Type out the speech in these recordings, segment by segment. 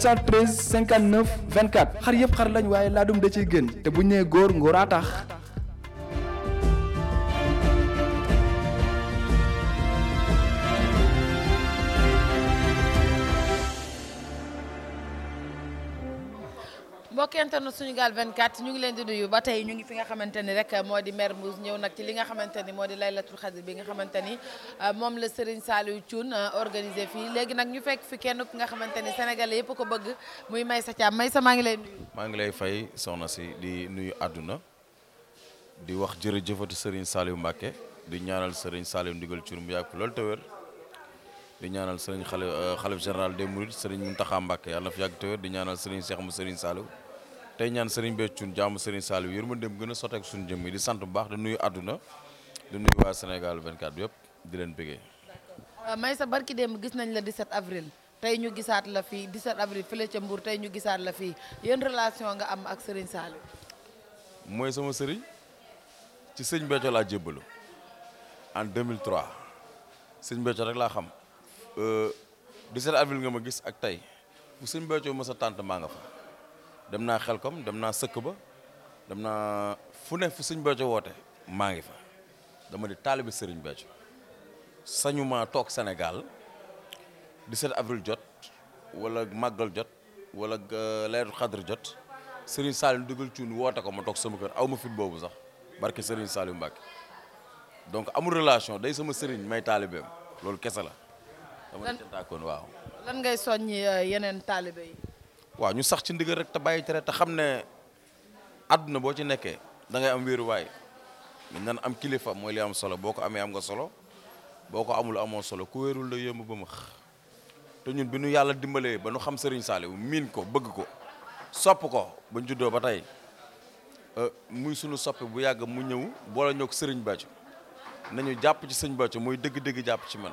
713 vingt 24 xar yëpp xar lañ waaye laa dum da ciy gën te bu ñu nee góor ngóoraa tax mbokk internet vingt 24 ñu ngi leen di nuyu ba tey ñu ngi fi nga xamante ni rek moo di Mermoz ñëw nag ci li nga xamante ni moo di lay laylatul xadir bi nga xamante ni euh, moom la Serigne Saliou Thioune euh, organisé fii léegi nag ñu fekk fi kenn ki nga xamante ni sénégalais yëpp ko bëgg muy Maysa Thiam Maysa maa ngi lay nuyu. maa ngi lay fay soxna si di nuyu àdduna di wax jërëjëfati Serigne Saliou Mbacké di ñaanal Serigne Saliou ndigal Thioune mu yàgg lool te wér di ñaanal xale euh, xalif général des Mourides Serigne Mountakha Mbacké yàlla na fi yàgg te di ñaanal Serigne Cheikh mu Serigne Saliou tey ñaan Serigne Béthio jaamu Serigne Saliou yërmandeem gën a sotteek suñu jëmm yi di sant bu baax di nuyu àdduna di nuyu waa Sénégal 24 yëpp di leen bëggee. Euh, may sa barki démb gis nañ la 17 avril tey ñu gisaat la fii 17 avril fële ca Mbour tey ñu gisaat la fii yéen relation nga am ak Serigne Saliou. mooy sama sëriñ ci sëñ Béthio laa jébbalu en 2003 sëñ Béthio rek laa xam 17 euh, avril nga ma gis ak tey bu sëñ Béthio ma sa tànt maa dem naa xelkom dem naa sëkk ba dem naa fu ne fu sëñ Béthio woote maa ngi fa dama di taalibi sëriñ Béthio sañu ma toog Sénégal 17 avril jot wala màggal jot wala euh, leeru xadr jot sëriñ Saliou dugal cuun woote ko ma toog sama kër aw ma fit boobu sax barke sëriñ Saliou Mbacke donc amul relation day sama sëriñ may taalibeem loolu kese la dama di waaw lan ngay soññ euh, yeneen taalibe yi waaw ñu sax ci ndigal rek te bàyyi tere xam ne àdduna boo ci nekkee dangay ngay am wéeruwaay mi nan am kilifa mooy li am solo boo ko amee am nga solo boo ko amul amoo solo ku wéerul la yémb ba max te ñun bi nu yàlla dimbalee ba nu xam Serigne Saliou miin ko bëgg ko sopp ko ba ñu juddoo ba tey euh, muy sunu soppi bu yàgg mu ñëw boole ñoo ko Serigne nañu jàpp ci sëñ Bacco mooy dëgg-dëgg jàpp ci man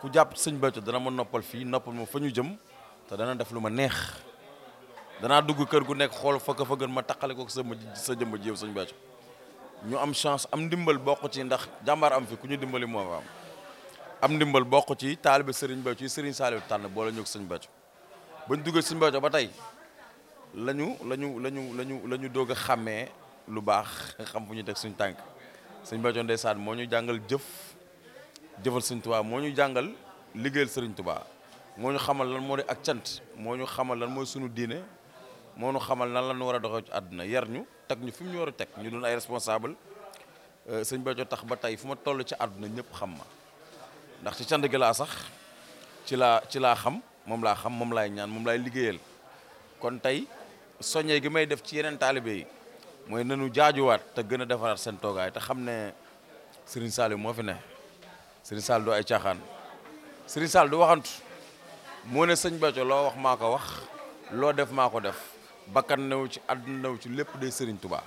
ku jàpp ci sëñ Bacco dana ma noppal fii noppal ma fa ñu jëm te dana def lu ma neex danaa dugg kër gu nekk xool fa ka fa ma taqale ko sama sa jëmba ji yow sëñ Béthio ñu am chance am ndimbal bokk ci ndax jàmbaar am fi ku ñu dimbali moo fa am ndimbal bokk ci taalibe Serigne Béthio ci Serigne Saliou tànn boole ñu ak sëñ Béthio bañ duggee sëñ Béthio ba tey lañu lañu lañu lañu la ñu doog a xàmmee lu baax xam fu ñu teg suñ tànk sëñ Béthio ndeysaan moo ñu jàngal jëf jëfal sëñ Tuubaa moo ñu jàngal liggéeyal sëriñ Tuubaa moo ñu xamal lan moo di ak cant moo ñu xamal lan mooy suñu diine moo xamal nan la war a doxee ci àdduna yar ñu teg ñu fi mu ñu war a teg ñu doon ay responsable euh, tax ba tey fu ma toll ci àdduna ñëpp xam ma ndax ci laa sax ci laa ci laa xam moom laa xam moom laay ñaan moom laay liggéeyal kon tey soññee gi may def ci yeneen taalibe yi mooy nanu jaajuwaat te gën a defaraat seen toogaay te xam ne Serigne yi moo fi ne Serigne Saliou du ay caaxaan Serigne Saliou du waxantu moo ne sëñ Béthio loo wax maa ko wax loo def maa ko def bakkan new ci àdduna new ci lépp day Serigne tubaa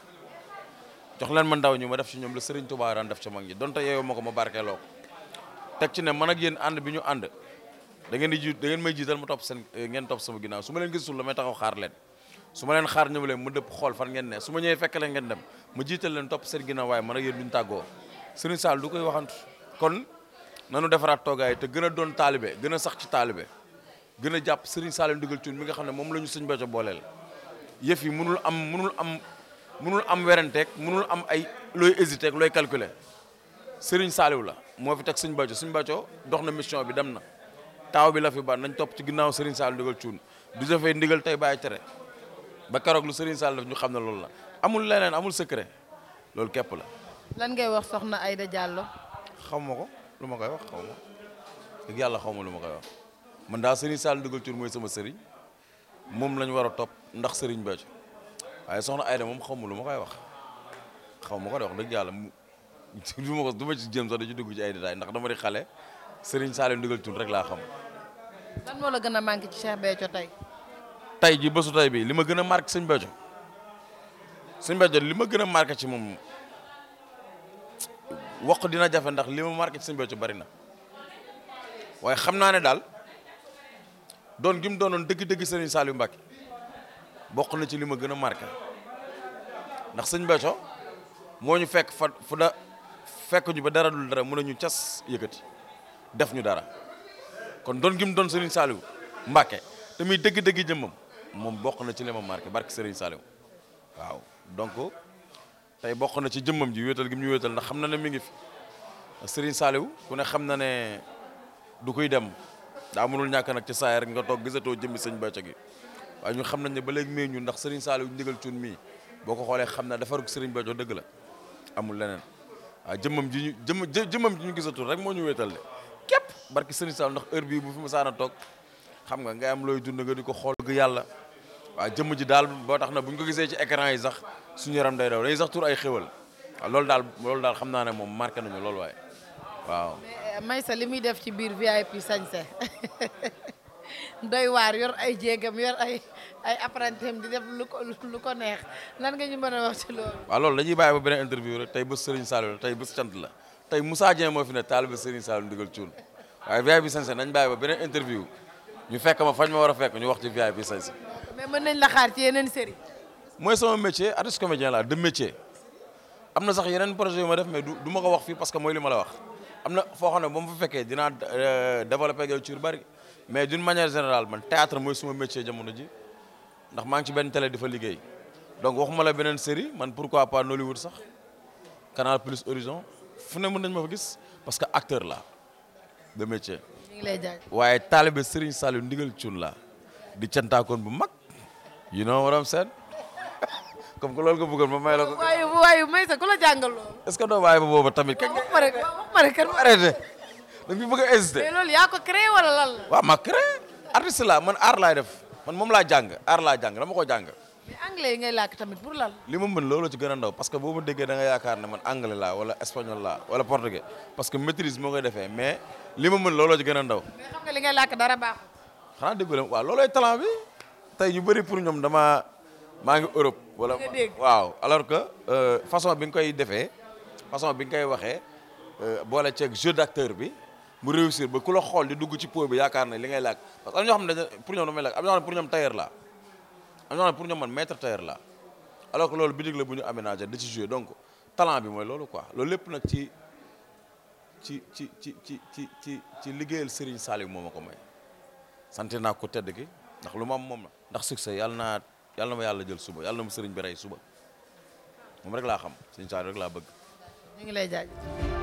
jox leen ma ndaw ñi ma def ci ñoom la Serigne tubaa daan def ci mag ñi donte yeewu ma ko ma barkeeloo ko teg ci ne man ak yéen ànd bi ñu ànd da ngeen di ji da ngeen may jiital ma topp seen eh, ngeen topp sama su ma leen gisul la may taxaw xaar leen su ma leen xaar ñëw leen ma dëpp xool fan ngeen ne su ma ñëwee fekk leen ngeen dem ma jiital leen topp seen ginnaaw waaye man ak yéen duñ tàggoo Serigne Sall du koy waxantu kon nanu defaraat toogaay te gën a doon taalibe gën a sax ci gën a jàpp Serigne Sall ndigal mi nga xam ne moom la ñu Serigne Béthio booleel yëf yi mënul am mënul am mënul am werenteeg mënul am ay looy hésité ak looy calculer Serigne Saliou la moo fi teg Serigne Bathio Serigne Bathio dox na mission bi dem na taaw bi la fi ba nañ topp ci ginnaaw Serigne Saliou ndigal cuun du jëfee ndigal tey bàyyi tere ba keroog lu Serigne Saliou def ñu xam ne loolu la amul leneen amul secret loolu képp la. lan ngay wax soxna Aïda Diallo. xaw ma ko lu ma koy wax xaw ma dëgg yàlla xaw ma lu ma koy wax man daa Serigne Saliou ndigal cuun mooy sama Serigne moom lañ war a topp. ndax Serigne Bethio waaye soxna Aida moom xaw ma lu ma koy wax xaw ma ko de wax dëgg yàlla mu du ma ko du ma ci jëm sax da ci dugg ci ay détails ndax dama di xale Serigne Saliou ndigal tun rek laa xam. lan moo la gën a manqué ci Cheikh Bethio tey. tey ji bésu tey bi li ma gën a marqué Serigne Bethio Serigne Bethio li ma gën a marqué ci moom wax dina jafe ndax li ma marqué ci Serigne Bethio bari na waaye xam naa ne daal doon gi mu doonoon dëgg-dëgg Serigne Saliou Mbacké. bokk na ci li ma gën a marqué ndax sëñ Béthio moo ñu fekk fa fu fekk ñu ba dara dul dara mën ñu cas yëkkati def ñu dara kon doon gi mu doon Serigne Saliou Mbacke te muy dëgg-dëgg jëmmam moom bokk na ci li ma marqué barke Serigne Saliou waaw donc tey bokk na ci jëmmam ji wéetal gi ñu wéetal ndax xam na ne mi ngi fi Serigne Saliou ku ne xam na ne du kuy dem daa mënul ñàkk nag ci saay rek nga toog gisatoo jëmmi sëñ Béthio gi waaye ñun xam nañ ne ba léegi mee ñun ndax Serigne Saliou ndigal cuun mii boo ko xoolee xam naa defarug Serigne Béthio dëgg la amul leneen waaw jëmmam ji ñu jëmm jëmmam ji ñu gisatul rek moo ñu wéetal de képp barki Serigne Saliou ndax heure bii bu fi ma saan a toog xam nga ngay am looy dund nga di ko xool dëgg yàlla waaw jëmm ji daal boo tax na bu ñu ko gisee ci écran yi sax suñu yaram day daw day sax tur ay xéwal waaw loolu daal loolu daal xam naa ne moom marqué nañu lool waaye waaw. Euh, doy waar yor ay jéegam yor ay ay apprentim di def lu ko lu ko neex lan nga ñu mën a wax ci loolu. waaw loolu dañuy bàyyi ba beneen interview rek tey bés Serigne Saliou la tey bés cant la tey Moussa Dieng moo fi ne taalibe Serigne Saliou ndigal cuun waaye VIP nañ bàyyi ba beneen interview ñu fekk ma fañ ma war a fekk ñu wax ci VIP Sagnsé. mais mën nañ la xaar ci yeneen série. mooy sama métier artiste comédien laa de métier am na sax yeneen projet yu ma def mais du du ko wax fii parce que mooy li ma la wax am n foo xam ne ba mu fekkee dinaa euh, développé ak bari. mais d'une manière général man théâtre mooy suma métier jamono ji ndax maa ngi ci benn télé di fa liggéey donc waxuma la beneen série man pourquoi pas Nollywood sax Canal Plus Horizon fu ne mën nañ ma fa gis parce que acteur la de métier. ñu ngi lay jaajëf waaye Serigne Saliou ndigal Thioune la di cantaakoon bu mag you know what I'm saying comme que loolu nga ma may la ko. waaye waaye may sax ku la jàngal loolu. est ce que doo bàyyi ba booba tamit. waaw wax ma rek wax ma rek arrêté. da nga fi bëgg a hésité. mais loolu yaa ko créé wala lan la. waaw ma créé artiste laa man aar laay def man moom laa jàng aar laa jàng dama ko jàng. mais anglais yi ngay làkk tamit pour lan. li ma mën loolu ci gën a ndaw parce que boo ma déggee da nga yaakaar ne man anglais laa wala espagnol laa wala portugais parce que maîtrise moo koy defee mais li ma mën loolu ci gën a ndaw. mais xam nga li ngay làkk dara baaxul. xanaa déggu leen waaw loolooy talent bi tey ñu bëri pour ñoom dama maa ngi Europe. wala waaw alors que euh, façon bi nga koy defee façon bi nga koy waxee euh, boole ceeg jeu d'acteur bi. mu réussir ba ku la xool di dugg ci po bi yaakaar na li ngay laaj parce que am na xam ne pour ñoom damay la am na xam ne pour ñoom man maître tailleur la alors que loolu bitig la bu ñu aménagé da ci joué donc talent bi mooy loolu ko loolu lépp nag ci ci ci ci ci ci ci liggéeyal Serigne Saliou moo ma ko may sant naa ko tedd gi ndax lu ma am moom la ndax succès yàlla naa yàlla na ma yàlla jël suba yàlla na ma Serigne bi rey suba moom rek laa xam Serigne Saliou rek laa bëgg. ñu lay jaajëf.